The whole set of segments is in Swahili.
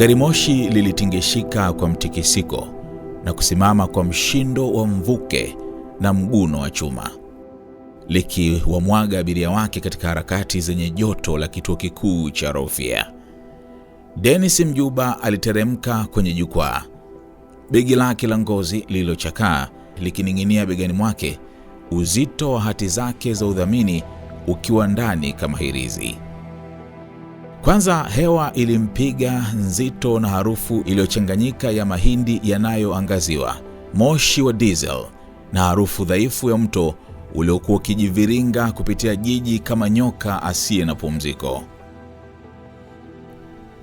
Gari moshi lilitingishika kwa mtikisiko na kusimama kwa mshindo wa mvuke na mguno wa chuma, likiwamwaga abiria wake katika harakati zenye joto la kituo kikuu cha Rofia. Dennis Mjuba aliteremka kwenye jukwaa, begi lake la ngozi lililochakaa likining'inia begani mwake, uzito wa hati zake za udhamini ukiwa ndani kama hirizi. Kwanza hewa ilimpiga nzito na harufu iliyochanganyika ya mahindi yanayoangaziwa, moshi wa diesel na harufu dhaifu ya mto uliokuwa ukijiviringa kupitia jiji kama nyoka asiye na pumziko.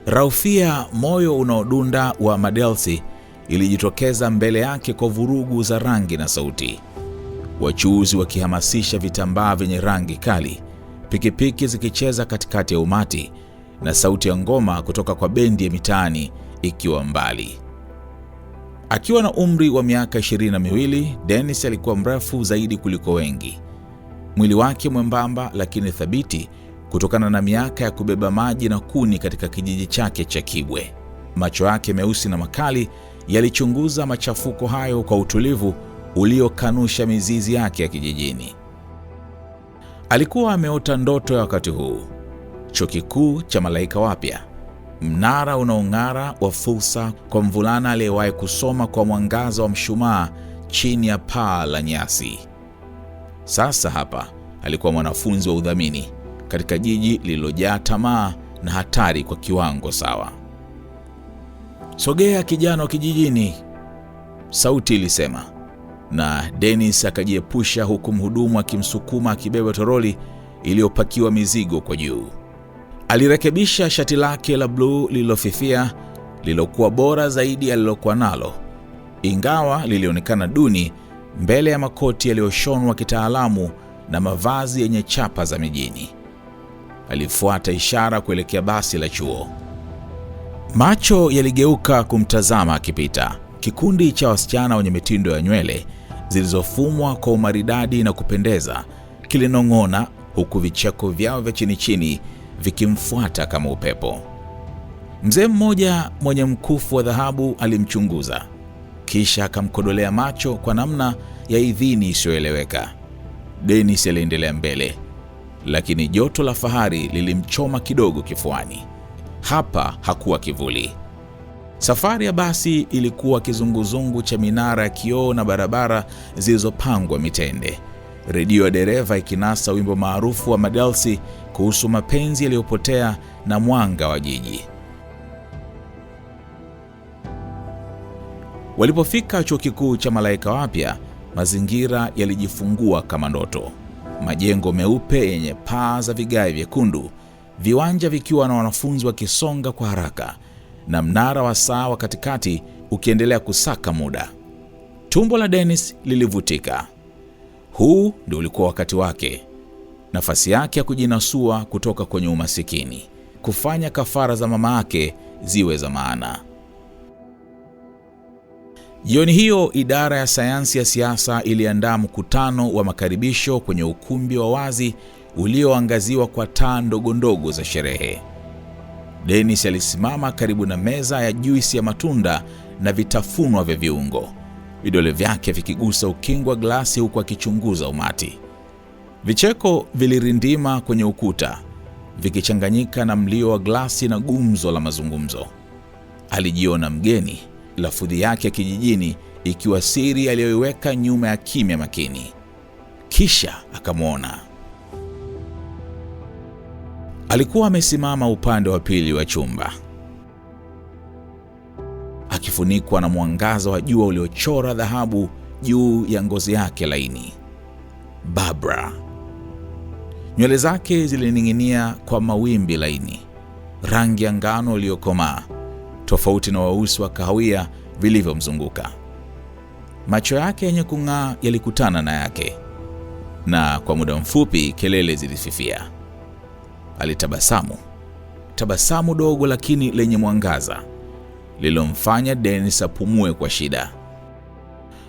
Raufia, moyo unaodunda wa Madelsi, ilijitokeza mbele yake kwa vurugu za rangi na sauti, wachuuzi wakihamasisha vitambaa vyenye rangi kali, pikipiki zikicheza katikati ya umati na sauti ya ngoma kutoka kwa bendi ya mitaani ikiwa mbali. Akiwa na umri wa miaka ishirini na miwili, Dennis alikuwa mrefu zaidi kuliko wengi, mwili wake mwembamba lakini thabiti kutokana na miaka ya kubeba maji na kuni katika kijiji chake cha Kibwe. Macho yake meusi na makali yalichunguza machafuko hayo kwa utulivu uliokanusha mizizi yake ya kijijini. Alikuwa ameota ndoto ya wakati huu, chuo kikuu cha malaika wapya, mnara unaong'ara wa fursa kwa mvulana aliyewahi kusoma kwa mwangaza wa mshumaa chini ya paa la nyasi. Sasa hapa alikuwa mwanafunzi wa udhamini katika jiji lililojaa tamaa na hatari kwa kiwango sawa. Sogea kijana wa kijijini, sauti ilisema, na Dennis akajiepusha, huku mhudumu akimsukuma akibeba toroli iliyopakiwa mizigo kwa juu. Alirekebisha shati lake la bluu lililofifia lililokuwa bora zaidi alilokuwa nalo, ingawa lilionekana duni mbele ya makoti yaliyoshonwa kitaalamu na mavazi yenye chapa za mijini. Alifuata ishara kuelekea basi la chuo. Macho yaligeuka kumtazama akipita. Kikundi cha wasichana wenye mitindo ya nywele zilizofumwa kwa umaridadi na kupendeza kilinong'ona, huku vicheko vyao vya chini chini vikimfuata kama upepo. Mzee mmoja mwenye mkufu wa dhahabu alimchunguza, kisha akamkodolea macho kwa namna ya idhini isiyoeleweka. Denis aliendelea mbele, lakini joto la fahari lilimchoma kidogo kifuani. Hapa hakuwa kivuli. Safari ya basi ilikuwa kizunguzungu cha minara ya kioo na barabara zilizopangwa mitende redio ya dereva ikinasa wimbo maarufu wa Madelsi kuhusu mapenzi yaliyopotea na mwanga wa jiji. Walipofika chuo kikuu cha Malaika Wapya, mazingira yalijifungua kama ndoto. Majengo meupe yenye paa za vigae vyekundu, viwanja vikiwa na wanafunzi wakisonga kwa haraka, na mnara wa saa wa katikati ukiendelea kusaka muda. Tumbo la denis lilivutika. Huu ndio ulikuwa wakati wake, nafasi yake ya kujinasua kutoka kwenye umasikini, kufanya kafara za mama yake ziwe za maana. Jioni hiyo idara ya sayansi ya siasa iliandaa mkutano wa makaribisho kwenye ukumbi wa wazi ulioangaziwa kwa taa ndogo ndogo za sherehe. Dennis alisimama karibu na meza ya juisi ya matunda na vitafunwa vya viungo vidole vyake vikigusa ukingo wa glasi huku akichunguza umati. Vicheko vilirindima kwenye ukuta vikichanganyika na mlio wa glasi na gumzo la mazungumzo. Alijiona mgeni, lafudhi yake ya kijijini ikiwa siri aliyoiweka nyuma ya kimya makini. Kisha akamwona. Alikuwa amesimama upande wa pili wa chumba akifunikwa na mwangaza wa jua uliochora dhahabu juu ya ngozi yake laini. Barbara, nywele zake zilining'inia kwa mawimbi laini, rangi ya ngano iliyokomaa, tofauti na weusi wa kahawia vilivyomzunguka. Macho yake yenye kung'aa yalikutana na yake, na kwa muda mfupi kelele zilififia. Alitabasamu, tabasamu dogo lakini lenye mwangaza lililomfanya Dennis apumue kwa shida.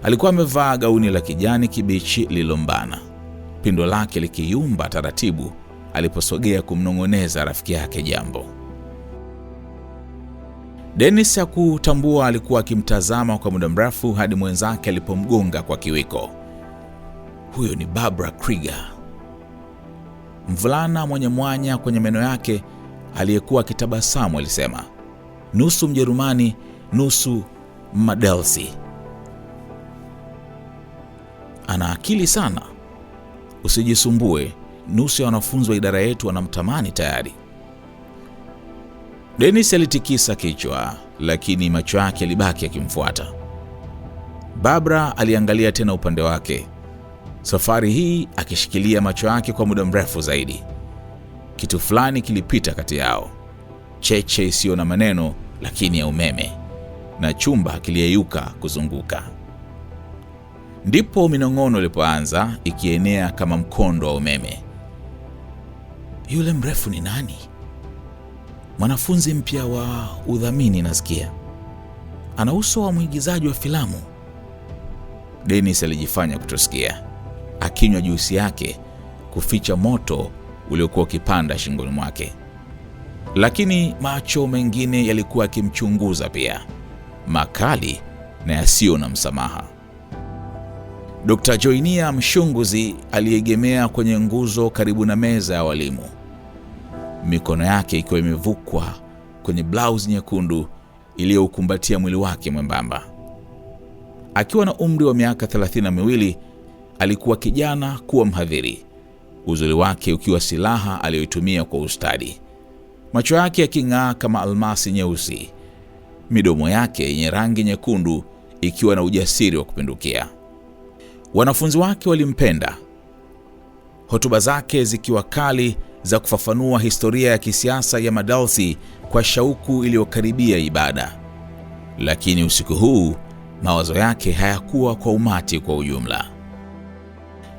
Alikuwa amevaa gauni la kijani kibichi lililombana, pindo lake likiyumba taratibu aliposogea kumnong'oneza rafiki yake jambo. Dennis hakutambua alikuwa akimtazama kwa muda mrefu hadi mwenzake alipomgonga kwa kiwiko. Huyo ni Barbara Krieger, mvulana mwenye mwanya kwenye meno yake aliyekuwa akitabasamu, alisema nusu Mjerumani, nusu Madelsi. Ana akili sana, usijisumbue. Nusu ya wanafunzi wa idara yetu wanamtamani tayari. denis alitikisa kichwa, lakini macho yake yalibaki yakimfuata. Barbara aliangalia tena upande wake, safari hii akishikilia macho yake kwa muda mrefu zaidi. Kitu fulani kilipita kati yao cheche isiyo na maneno lakini ya umeme, na chumba kiliyeyuka kuzunguka. Ndipo minong'ono ilipoanza ikienea kama mkondo wa umeme. Yule mrefu ni nani? Mwanafunzi mpya wa udhamini, nasikia ana uso wa mwigizaji wa filamu. Dennis alijifanya kutosikia, akinywa juisi yake kuficha moto uliokuwa ukipanda shingoni mwake lakini macho mengine yalikuwa yakimchunguza pia, makali na yasiyo na msamaha. Dr. Joinia Mshunguzi aliegemea kwenye nguzo karibu na meza ya walimu, mikono yake ikiwa imevukwa kwenye blausi nyekundu iliyoukumbatia mwili wake mwembamba. Akiwa na umri wa miaka thelathini na miwili, alikuwa kijana kuwa mhadhiri, uzuri wake ukiwa silaha aliyoitumia kwa ustadi macho yake yaking'aa kama almasi nyeusi, midomo yake yenye rangi nyekundu ikiwa na ujasiri wa kupindukia. Wanafunzi wake walimpenda, hotuba zake zikiwa kali za kufafanua historia ya kisiasa ya Madalsi kwa shauku iliyokaribia ibada. Lakini usiku huu mawazo yake hayakuwa kwa umati kwa ujumla.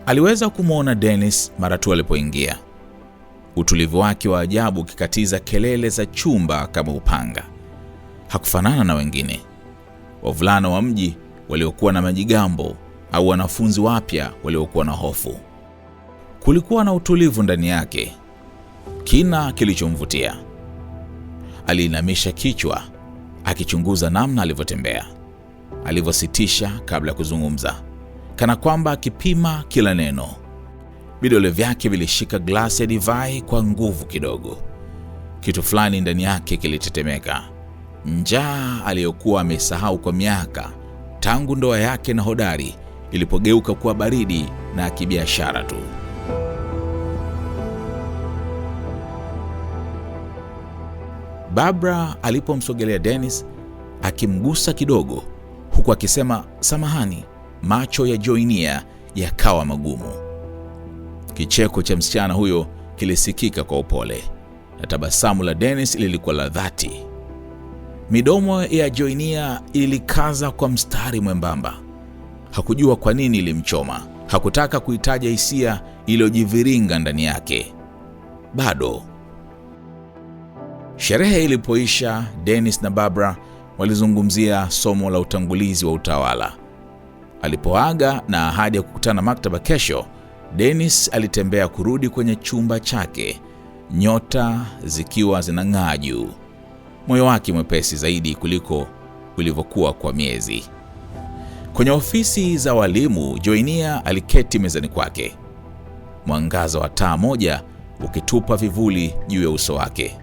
Aliweza kumwona Dennis mara tu alipoingia utulivu wake wa ajabu ukikatiza kelele za chumba kama upanga. Hakufanana na wengine wavulana wa mji waliokuwa na majigambo au wanafunzi wapya waliokuwa na hofu. Kulikuwa na utulivu ndani yake, kina kilichomvutia. Aliinamisha kichwa akichunguza namna alivyotembea, alivyositisha kabla ya kuzungumza, kana kwamba akipima kila neno. Vidole vyake vilishika glasi ya divai kwa nguvu kidogo. Kitu fulani ndani yake kilitetemeka. Njaa aliyokuwa amesahau kwa miaka tangu ndoa yake na Hodari ilipogeuka kuwa baridi na kibiashara tu. Barbara alipomsogelea Dennis akimgusa kidogo, huku akisema samahani, macho ya Joinia yakawa magumu. Kicheko cha msichana huyo kilisikika kwa upole na tabasamu la Dennis lilikuwa la dhati. Midomo ya Joinia ilikaza kwa mstari mwembamba. Hakujua kwa nini ilimchoma, hakutaka kuitaja hisia iliyojiviringa ndani yake. Bado sherehe ilipoisha, Dennis na Barbara walizungumzia somo la utangulizi wa utawala. Alipoaga na ahadi ya kukutana maktaba kesho Dennis alitembea kurudi kwenye chumba chake, nyota zikiwa zinang'aa juu, moyo wake mwepesi zaidi kuliko ulivyokuwa kwa miezi. Kwenye ofisi za walimu, Joinia aliketi mezani kwake, mwangaza wa taa moja ukitupa vivuli juu ya uso wake.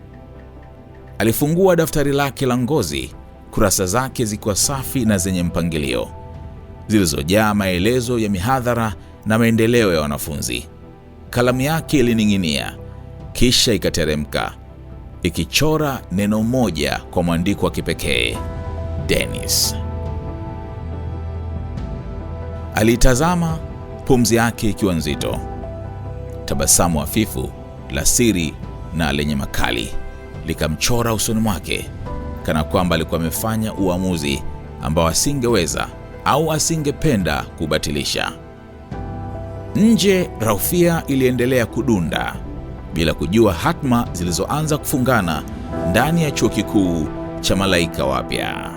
Alifungua daftari lake la ngozi, kurasa zake zikiwa safi na zenye mpangilio, zilizojaa maelezo ya mihadhara na maendeleo ya wanafunzi. Kalamu yake ilining'inia, kisha ikateremka, ikichora neno moja kwa mwandiko wa kipekee: Dennis. Alitazama, pumzi yake ikiwa nzito, tabasamu hafifu la siri na lenye makali likamchora usoni mwake, kana kwamba alikuwa amefanya uamuzi ambao asingeweza au asingependa kubatilisha. Nje raufia iliendelea kudunda bila kujua hatma zilizoanza kufungana ndani ya chuo kikuu cha malaika wapya.